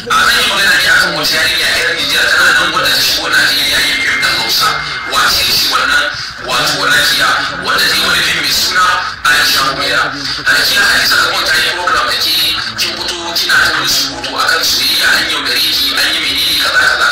amma yi magana ne akan wata yarinya yar Nijar tana nan wanda ta shigo Najeriya yayin fim ɗan Hausa wace shi wannan wato Najiya wanda zai wani fim mai suna Aisha Umaira Najiya Halisa da wata yi program da ke kin fito kina ta wani surutu akan su soyayya hanyar yaudare ki an yi menene kaza kaza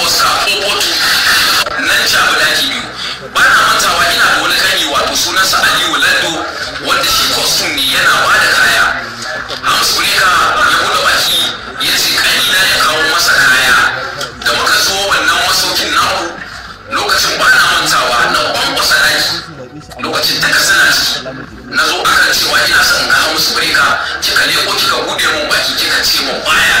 osa ko kotu nan cabu daki biyu ba na mantawa ina da wani kani wato sunansa aliyu lado wanda shi kwastun ne yana ba da kaya hamsu ne ka ya buɗe baki ya ce kani na ya kawo masa kaya da muka zo wannan masaukin naku lokacin ba na mantawa na kwankwasa daki lokacin ta kasana ciki na zo akan cewa ina son kawo musu breaker kika leko kika buɗe mun baki kika ce mun baya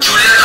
Julian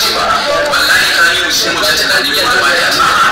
cewa wallahi ka yi musu mutu tunanin yanzu ba ya ta